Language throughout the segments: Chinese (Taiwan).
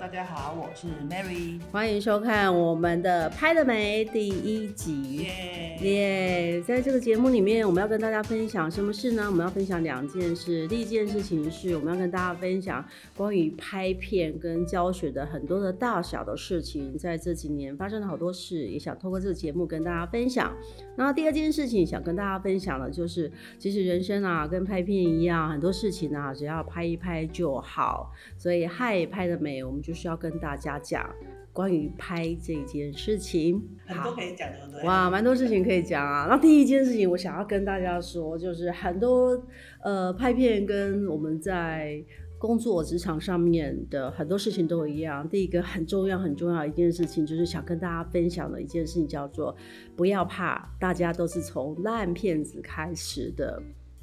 大家好，我是 Mary，歡迎收看我們的《拍了沒》第一集。耶耶，在這個節目裡面，我們要跟大家分享什麼事呢？我們要分享兩件事。第一件事情是我們要跟大家分享關於拍片跟教學的很多的大小的事情，在這幾年發生了好多事，也想透過這個節目跟大家分享。然後第二件事情想跟大家分享的就是，其實人生啊，跟拍片一樣，很多事情啊，只要拍一拍就好。所以嗨，拍了沒，我們就。就是要跟大家講關於拍這件事情，很多可以講的。哇，蠻多事情可以講啊。那第一件事情，我想要跟大家說，就是很多呃拍片跟我們在工作職場上面的很多事情都一樣。第一個很重要很重要一件事情，就是想跟大家分享的一件事情，叫做不要怕，大家都是從爛片子開始的。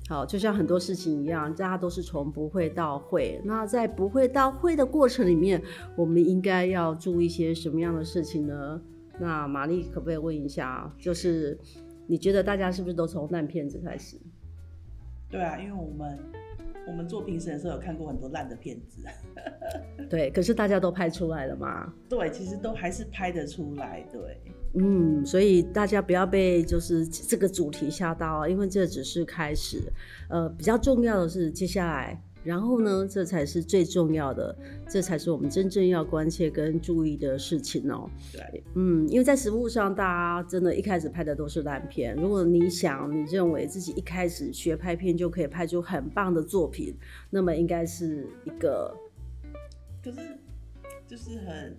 好，就像很多事情一樣，大家都是從不會到會。那在不會到會的過程裡面，我們應該要注意一些什麼樣的事情呢？那瑪麗可不可以問一下，就是你覺得大家是不是都從爛片子開始？對啊，因為我們。我們做評審的時候有看過很多爛的片子，對，可是大家都拍出來了嘛。對，其實都還是拍得出來，對，嗯，所以大家不要被就是這個主題嚇到，因為這只是開始。呃，比較重要的是接下來，然後呢，這才是最重要的，這才是我們真正要關切跟注意的事情哦。對，嗯，因為在實務上，大家真的一開始拍的都是爛片。如果你想，你認為自己一開始學拍片就可以拍出很棒的作品，那麼應該是一個，可是就是很，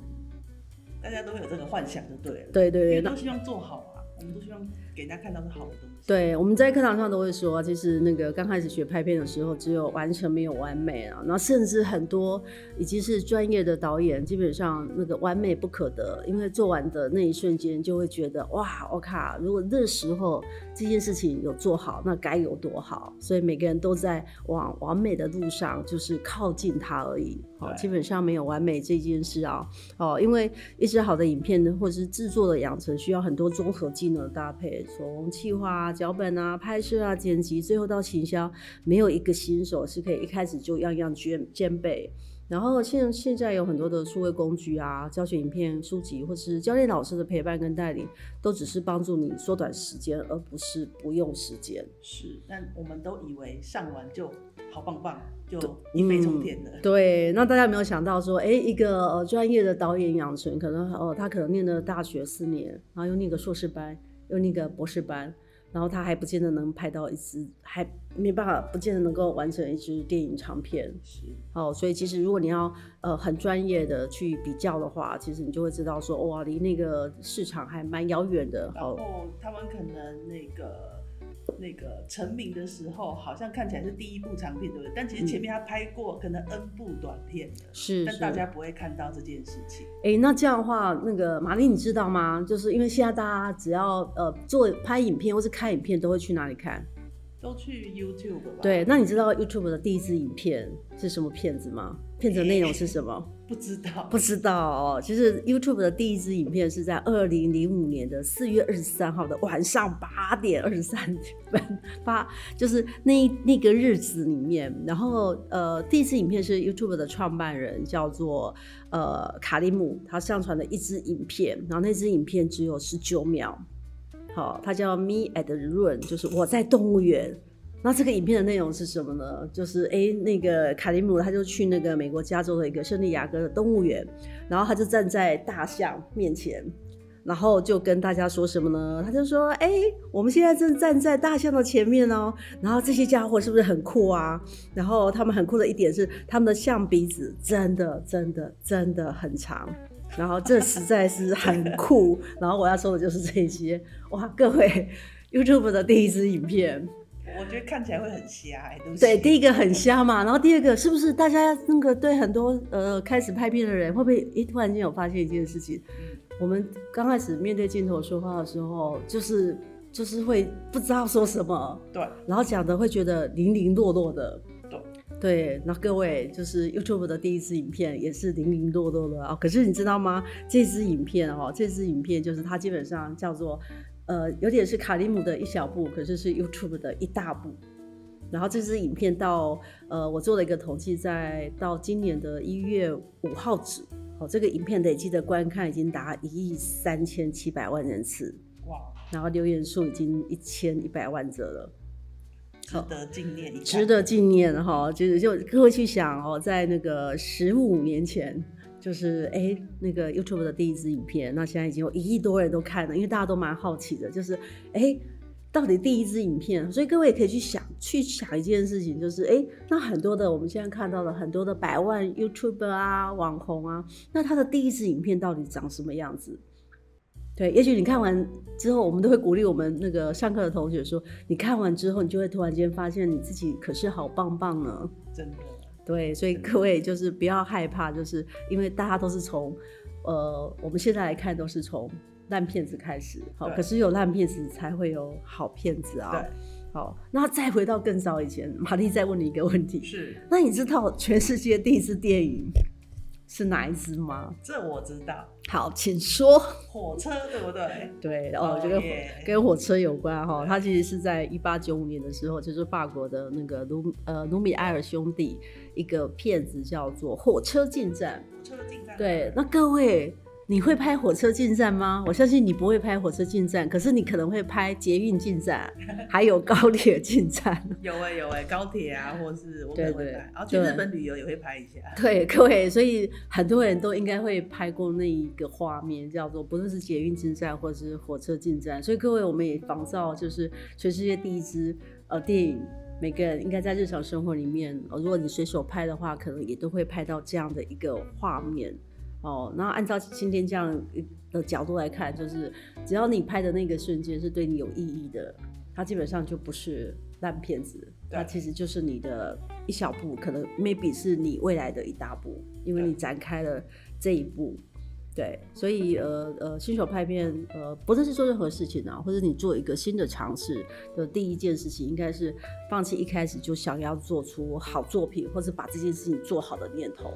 大家都會有這個幻想，就對了。對對對，因為都希望做好啊，我們都希望。給人家看到是好的東西。對，我們在課堂上都會說，就是那個剛開始學拍片的時候，只有完成沒有完美啊，然後甚至很多已經是專業的導演，基本上那個完美不可得，因為做完的那一瞬間就會覺得哇，我、哦、靠！如果那時候。這件事情有做好，那該有多好！所以每個人都在往完美的路上，就是靠近它而已。好對、哦，基本上沒有完美這件事啊。哦，因為一支好的影片或者是製作的養成，需要很多綜合技能的搭配，從企劃啊、腳本啊、拍攝啊、剪輯，最後到行銷，沒有一個新手是可以一開始就樣樣兼兼備。然後現現在有很多的數位工具啊、教學影片、書籍，或是教練老師的陪伴跟帶領，都只是幫助你縮短時間，而不是不用時間。是。但我們都以為上完就好棒棒，就你沒重點的。對、嗯、對，那大家沒有想到說，誒，一個專業的導演養成，可能哦、呃，他可能念了大學四年，然後又念個碩士班，又念個博士班。然後他還不見得能拍到一支，還沒辦法，不見得能夠完成一支電影長片。是，哦，所以其實如果你要呃很專業的去比較的話，其實你就會知道說，哇，離那個市場還蠻遙遠的。然後他們可能那個。那個成名的時候，好像看起來是第一部長片，對不對？但其實前面他拍過可能 N 部短片的，是、嗯，但大家不會看到這件事情。哎、欸，那這樣的話，那個瑪麗你知道嗎？就是因為現在大家只要呃做拍影片或是看影片，都會去哪裡看？都去 YouTube 吧。對，那你知道 YouTube 的第一支影片是什麼片子嗎？片子的內容是什麼？欸 不知道，不知道哦。其實 YouTube 的第一支影片是在二零零五年的四月二十三號的晚上八點二十三分發，就是那那個日子裡面。然後，呃，第一支影片是 YouTube 的創辦人叫做呃卡利姆，他上傳了一支影片，然後那支影片只有十九秒。好、哦，他叫 Me at the Zoo，就是我在動物園。那這個影片的內容是什麼呢？就是哎、欸，那個卡里姆他就去那個美國加州的一個聖地亞哥的動物園，然後他就站在大象面前，然後就跟大家說什麼呢？他就說：“哎、欸，我們現在正站在大象的前面哦、喔。然後這些家伙是不是很酷啊？然後他們很酷的一點是，他們的象鼻子真的真的真的很長。然後這實在是很酷。 然後我要說的就是這些哇，各位 YouTube 的第一支影片。”我覺得看起來會很瞎、欸，哎不對？第一個很瞎嘛。然後第二個，是不是大家那個對很多呃開始拍片的人，會不會一、欸、突然間有發現一件事情？嗯、我們剛開始面對鏡頭說話的時候，就是就是會不知道說什麼，對。然後講的會覺得零零落落的，對。那各位就是 YouTube 的第一支影片也是零零落落的啊、哦。可是你知道嗎？這支影片哦，這支影片就是它基本上叫做。呃，有點是卡里姆的一小步，可是是 YouTube 的一大步。然後這支影片到呃，我做了一個統計，在到今年的一月五號止，哦，這個影片累計的觀看已經達一億三千七百萬人次，哇！然後留言數已經一千一百萬則了，值得紀念，值得紀念哈！就是就各位去想哦，在那個十五年前。就是欸，那個 YouTube 的第一支影片，那現在已經有一億多人都看了，因為大家都蠻好奇的。就是欸，到底第一支影片。所以各位也可以去想，去想一件事情，就是欸，那很多的我們現在看到的很多的百萬 YouTube 啊網紅啊，那他的第一支影片到底長什麼樣子？對，也許你看完之後，我們都會鼓勵我們那個上課的同學說，你看完之後，你就會突然間發現你自己可是，好棒棒呢。真的。對，所以各位就是不要害怕，嗯、就是因為大家都是從，呃，我們現在來看都是從爛片子開始，好對，可是有爛片子才會有好片子啊。對好，那再回到更早以前，瑪麗再問你一個問題，是，那你知道全世界第一次電影？是哪一支嗎？這我知道。好，請說。火車，對不對？對，哦，這耶就跟火跟火車有關哈。它對、哦、其實是在一八九五年的時候，就是法國的那個盧呃盧米埃爾兄弟一個片子叫做《火車進站》。火車進站。對，對那各位。你會拍火車進站嗎？我相信你不會拍火車進站，可是你可能會拍捷運進站，還有高鐵進站。 有哎、欸、有哎、欸，高鐵啊，或是我可能會拍，而且，哦、去日本旅遊也會拍一下。對，對，各位，所以很多人都應該會拍過那一個畫面，叫做不論是捷運進站或者是火車進站。所以各位，我們也仿照就是全世界第一支呃電影，每個人應該在日常生活裡面，呃、如果你隨手拍的話，可能也都會拍到這樣的一個畫面。哦，然後按照今天這樣的角度來看，就是只要你拍的那個瞬間是對你有意義的，它基本上就不是爛片子，對它其實就是你的一小步，可能 maybe 是你未來的一大步，因為你展開了這一步。對，對，所以呃呃，新手拍片呃，不論是做任何事情啊，或者你做一個新的嘗試的第一件事情，應該是放棄一開始就想要做出好作品或者把這件事情做好的念頭。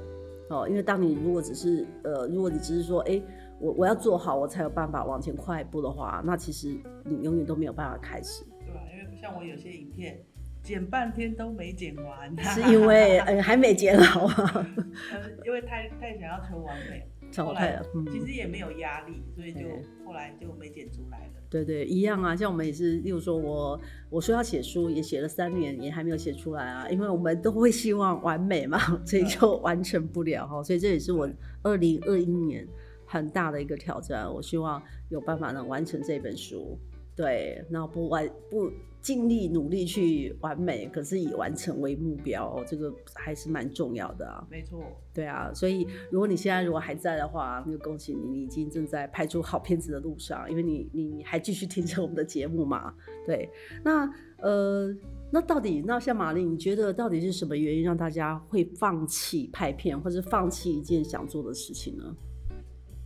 哦，因為當你如果只是呃，如果你只是說，哎、欸，我我要做好，我才有辦法往前跨一步的話，那其實你永遠都沒有辦法開始，對吧、啊？因為像我有些影片。剪半天都沒剪完，啊,是因為嗯、欸、還沒剪好啊， 嗯,因為太太想要求完美,後來其實也沒有壓力,所以就後來就沒剪出來了。對對，對一樣啊,像我們也是,例如說我我說要寫書,也寫了三年,也還沒有寫出來啊,因為我們都會希望完美嘛,所以就完成不了哈。所以這也是我二零二一年很大的一個挑戰,我希望有辦法能完成這本書。對，那不完不盡力努力去完美，可是以完成為目標，這個還是蠻重要的啊。沒錯，對啊，所以如果你現在如果還在的話，那就恭喜你，你已經正在拍出好片子的路上，因為你你，你還繼續聽着我們的節目嘛。對，那呃，那到底那像瑪麗，你覺得到底是什麼原因讓大家會放棄拍片，或是放棄一件想做的事情呢？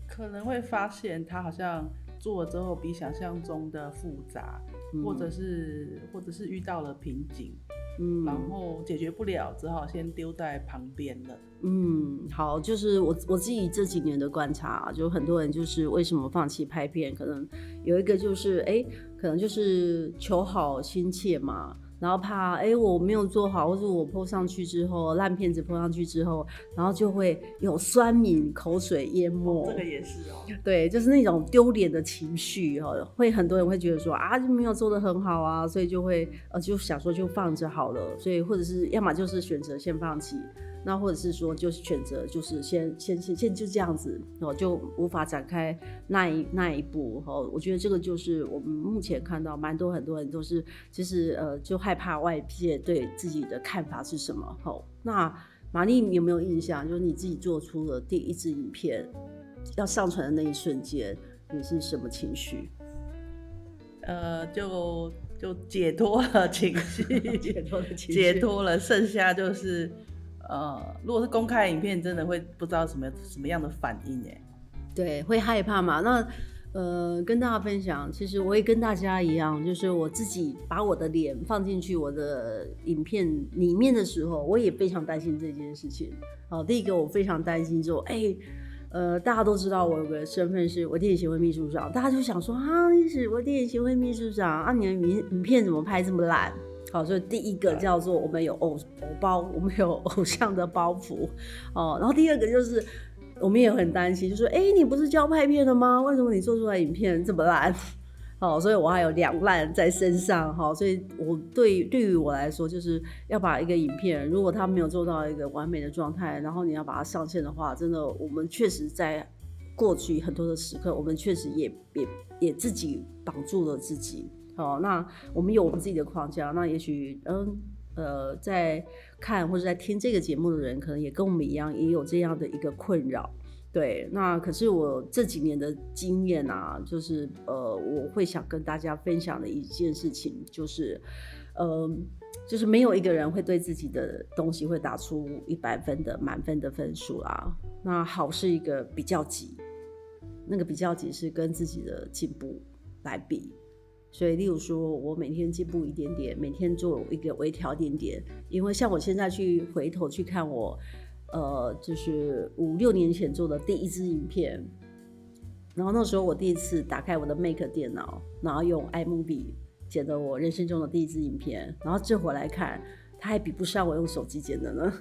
可能會發現他好像。做了之後比想象中的複雜，或者是、嗯、或者是遇到了瓶頸，嗯、然後解決不了，只好先丟在旁邊了。嗯，好，就是我我自己這幾年的觀察，就很多人就是為什麼放棄拍片，可能有一個就是哎、欸，可能就是求好心切嘛。然後怕哎、欸，我沒有做好，或者我潑上去之後，爛片子潑上去之後，然後就會有酸民口水淹沒。哦、這個也是哦。對，就是那種丟臉的情緒會很多人會覺得說啊，就沒有做得很好啊，所以就會、呃、就想說就放着好了，所以或者是要麼就是選擇先放棄。那或者是說，就是選擇，就是先先先先就這樣子哦，就無法展開那一那一步哦。我覺得這個就是我們目前看到蠻多很多人都是、就是，其實呃，就害怕外界對自己的看法是什麼哦。那瑪麗你有沒有印象，就是你自己做出了第一支影片，要上傳的那一瞬間，你是什麼情緒？呃，就就解脫了情緒， 解脫了情緒，解脫了，剩下就是。呃，如果是公開影片，真的會不知道什麼什麼樣的反應哎，對，會害怕嘛？那呃，跟大家分享，其實我也跟大家一樣，就是我自己把我的臉放進去我的影片裡面的時候，我也非常擔心這件事情。好、呃，第一個我非常擔心說，哎、欸，呃，大家都知道我有個身份是我的電影協會秘書長，大家就想說啊，你是我的電影協會秘書長啊，你的影影片怎麼拍這麼爛？好，所以第一個叫做我們有偶偶、嗯、包，我們有偶像的包袱，哦，然後第二個就是我們也很擔心，就說，哎、欸，你不是教拍片的嗎？為什麼你做出來影片這麼爛？哦，所以我還有兩爛在身上，哈，所以我對對於我來說，就是要把一個影片，如果他沒有做到一個完美的狀態，然後你要把它上線的話，真的，我們確實在過去很多的時刻，我們確實也也也自己綁住了自己。哦，那我們有我們自己的框架。那也許，嗯，呃，在看或者在聽這個節目的人，可能也跟我們一樣，也有這樣的一個困擾。對，那可是我這幾年的經驗啊，就是，呃，我會想跟大家分享的一件事情，就是，嗯、呃，就是沒有一個人會對自己的東西會打出一百分的滿分的分數啦、啊。那好是一個比較級，那個比較級是跟自己的進步來比。所以，例如說，我每天進步一點點，每天做一個微調一點點。因為像我現在去回頭去看我，呃，就是五六年前做的第一支影片，然後那時候我第一次打開我的 Mac 電腦，然後用 iMovie 剪的我人生中的第一支影片，然後這回來看，它還比不上我用手機剪的呢。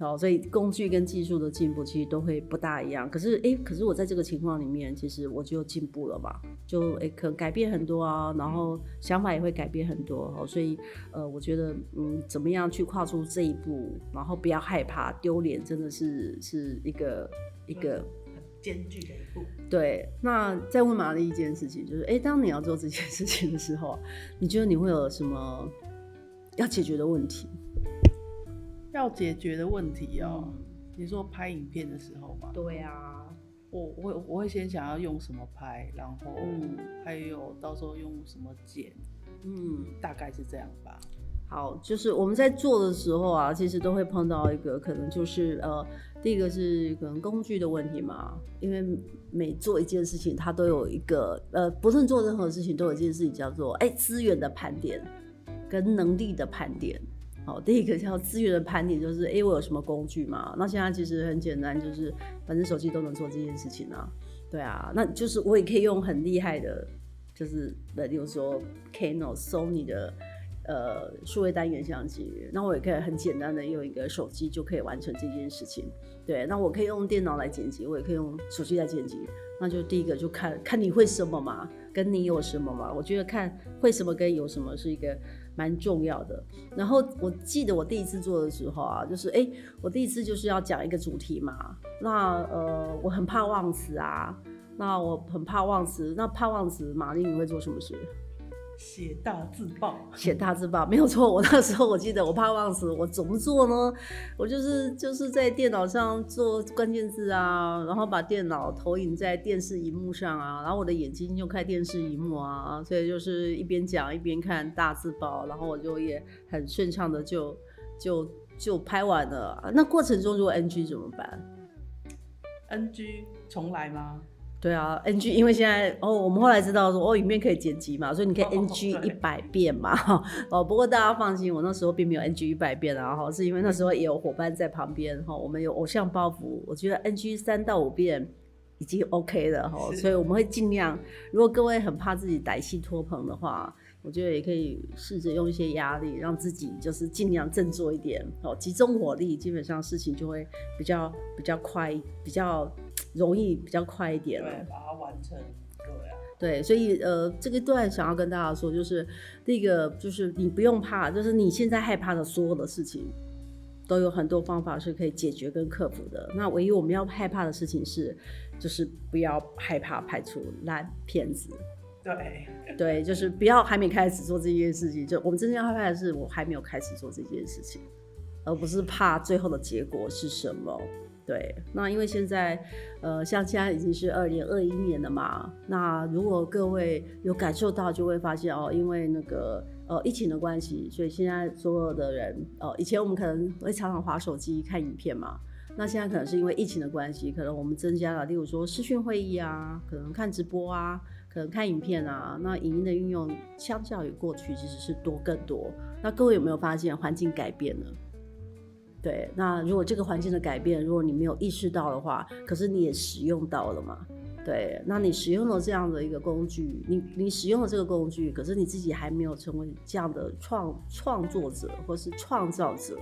哦，所以工具跟技術的進步其實都會不大一樣。可是，誒、欸，可是我在這個情況裡面，其實我就進步了嘛，就誒、欸，可改變很多啊，然後想法也會改變很多。哦，所以呃，我覺得嗯，怎麼樣去跨出這一步，然後不要害怕丟臉，真的是是一個一個很艱巨的一步。對，那再問 Mary 的一件事情，就是哎、欸，當你要做這件事情的時候，你覺得你會有什麼要解決的問題？要解決的問題啊、喔，嗯、你說拍影片的時候嘛，對啊，我我我會先想要用什麼拍，然後、嗯、還有到時候用什麼剪，嗯，嗯，大概是這樣吧。好，就是我們在做的時候啊，其實都會碰到一個可能就是呃，第一個是可能工具的問題嘛，因為每做一件事情，它都有一個呃，不論做任何事情，都有一件事情叫做誒，資源的盤點，跟能力的盤點。好，第一個叫資源的盤點，就是哎、欸，我有什麼工具嘛？那現在其實很簡單，就是反正手機都能做這件事情啊。對啊，那就是我也可以用很厲害的，就是比如說 Canon、Sony 的呃數位單元相機，那我也可以很簡單的用一個手機就可以完成這件事情。對、啊，那我可以用電腦來剪輯，我也可以用手機來剪輯。那就第一個就看看你會什麼嘛，跟你有什麼嘛？我覺得看會什麼跟有什麼是一個。蠻重要的。然後我記得我第一次做的時候啊，就是哎，我第一次就是要講一個主題嘛。那呃，我很怕忘詞啊。那我很怕忘詞，那怕忘詞，Mary 你會做什麼事？寫大字報，寫大字報沒有錯。我那時候我記得，我怕忘詞，我怎麼做呢？我就是就是在電腦上做關鍵字啊，然後把電腦投影在電視屏幕上啊，然後我的眼睛就開電視屏幕啊，所以就是一邊講一邊看大字報，然後我就也很順暢的就就就拍完了。那過程中如果 NG 怎麼辦？NG 重來嗎？對啊，NG，因為現在哦，我們後來知道說哦，影片可以剪輯嘛，所以你可以 NG 一百遍嘛。Oh, oh, oh, oh, 哦，不過大家放心，我那時候並沒有 NG 一百遍啊。哈，是因為那時候也有夥伴在旁邊哈、哦，我們有偶像包袱，我覺得 NG 三到五遍已經 OK 了哈。哦、是所以我們會盡量，如果各位很怕自己歹戲拖棚的話，我覺得也可以試着用一些壓力，讓自己就是盡量振作一點，哦，集中火力，基本上事情就會比較比較快，比較。容易比較快一點，對，把它完成，對啊，對，所以呃，這個段想要跟大家說，就是那個就是你不用怕，就是你現在害怕的所有的事情，都有很多方法是可以解決跟克服的。那唯一我們要害怕的事情是，就是不要害怕拍出爛片子，對，對，就是不要還沒開始做這件事情，就我們真正要害怕的是我還沒有開始做這件事情，而不是怕最後的結果是什麼。對，那因為現在，呃，像現在已經是二零二一年了嘛，那如果各位有感受到，就會發現哦，因為那個呃疫情的關係，所以現在所有的人，呃、哦，以前我們可能會常常滑手機看影片嘛，那現在可能是因為疫情的關係，可能我們增加了，例如說視訊會議啊，可能看直播啊，可能看影片啊，那影音的運用相較於過去其實是多更多。那各位有沒有發現環境改變呢？對，那如果這個環境的改變，如果你沒有意識到的話，可是你也使用到了嘛。對，那你使用了這樣的一個工具，你你使用了這個工具，可是你自己還沒有成為這樣的創創作者或是創造者，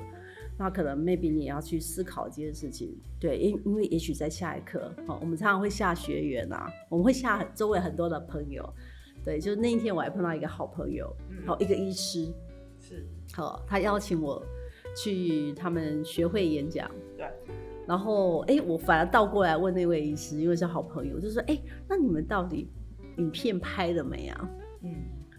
那可能 maybe 你也要去思考這件事情。對，因因為也許在下一刻，哦，我們常常會下學員啊，我們會下周圍很多的朋友。對，就那一天我還碰到一個好朋友，好，一個醫師，是，好，他邀請我。去他們學會演講，對，然後哎、欸，我反而倒過來問那位醫師，因為是好朋友，我就說哎、欸，那你們到底影片拍了沒啊？嗯，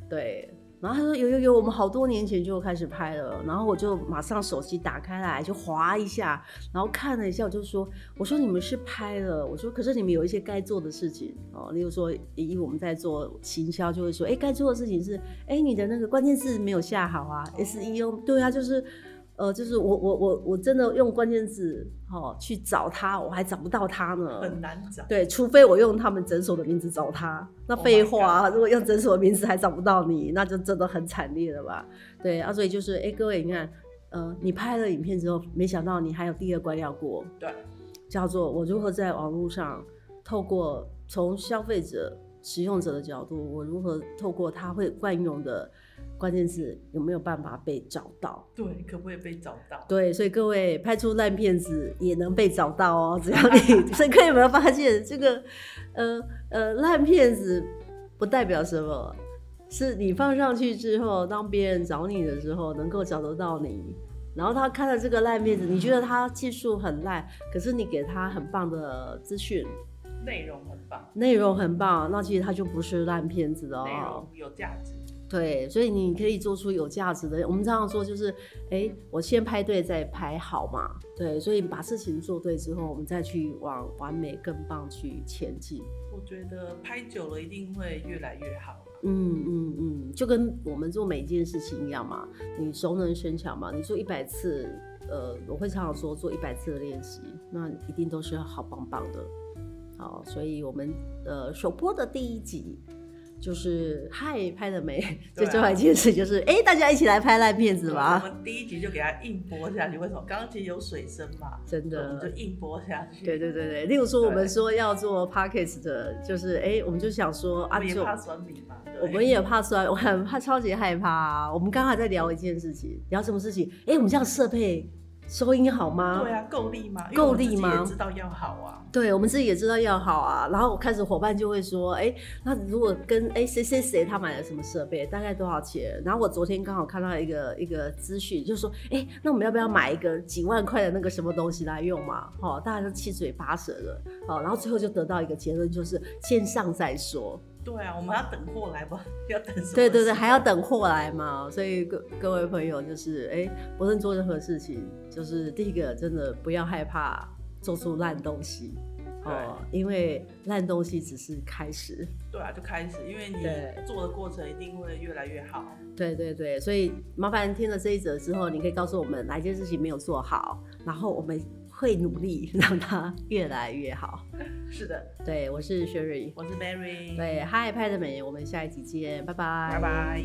對。然後他說有有有，我們好多年前就開始拍了。然後我就馬上手機打開來就滑一下，然後看了一下，我就說我說你們是拍了，我說可是你們有一些該做的事情哦，例如說，一我們在做行銷，就會說哎，該、欸、做的事情是哎、欸，你的那個關鍵字沒有下好啊、哦、，SEO，對啊，就是。呃，就是我我我我真的用關鍵字哦、喔、去找他，我還找不到他呢，很難找。對，除非我用他們診所的名字找他，那廢話、啊，oh、如果用診所的名字還找不到你，那就真的很慘烈了吧？對啊，所以就是，哎、欸，各位你看，呃，你拍了影片之後，沒想到你還有第二關要過，對，叫做我如何在網絡上透過從消費者使用者的角度，我如何透過他會慣用的。關鍵是有沒有辦法被找到？對，可不可以被找到？對，所以各位拍出爛片子，也能被找到哦。只要你，以個 有沒有發現？這個，呃呃，爛片子不代表什麼，是你放上去之後，當別人找你的時候能夠找得到你。然後他看了這個爛片子，你覺得他技術很爛，可是你給他很棒的資訊，內容很棒，內容很棒，那其實他就不是爛片子哦，內容有價值。對，所以你可以做出有價值的。我們常常說就是，哎、欸，我先拍對，再拍好嘛。對，所以把事情做對之後，我們再去往完美、更棒去前進。我覺得拍久了一定會越來越好、啊嗯。嗯嗯嗯，就跟我們做每一件事情一樣嘛，你熟能生巧嘛。你做一百次，呃，我會常常說做一百次的練習，那一定都是好棒棒的。好，所以我們呃首播的第一集。就是嗨拍了沒，啊、這最重要一件事就是哎、 欸，大家一起來拍爛片子吧。我們第一集就給他硬播下去，為什麼？剛剛其實有水聲嘛，真的，就硬播下去。對對對對，例如說我們說要做 podcast 的，對就是哎、欸，我們就想說啊，就怕酸民就對我們也怕酸，我很怕，超級害怕，啊。我們剛剛在聊一件事情，聊什麼事情？哎、欸，我們這樣設備。收音好嗎？對啊，夠力嗎？夠力嗎？知道要好啊。對，我們自己也知道要好啊。然後我開始夥伴就會說，哎、欸，那如果跟哎誰誰誰他買了什麼設備，大概多少錢？然後我昨天剛好看到一個一個資訊，就是說，哎、欸，那我們要不要買一個幾萬塊的那個什麼東西來用嘛？哦，大家都七嘴八舌的哦，然後最後就得到一個結論，就是先上再說。對啊，我們還要等貨來、啊、不？要等什麼？對對對，還要等貨來嘛。所以各各位朋友就是，哎，不論做任何事情，就是第一個真的不要害怕做出爛東西對哦，因為爛東西只是開始。對啊，就開始，因為你做的過程一定會越來越好。對，對對對，所以麻煩聽了這一則之後，你可以告訴我們哪一件事情沒有做好，然後我們。會努力讓他越來越好。是的，對，我是 Shary，我是 Mary。對，Hi，拍了沒，我們下一集見，拜拜，拜拜。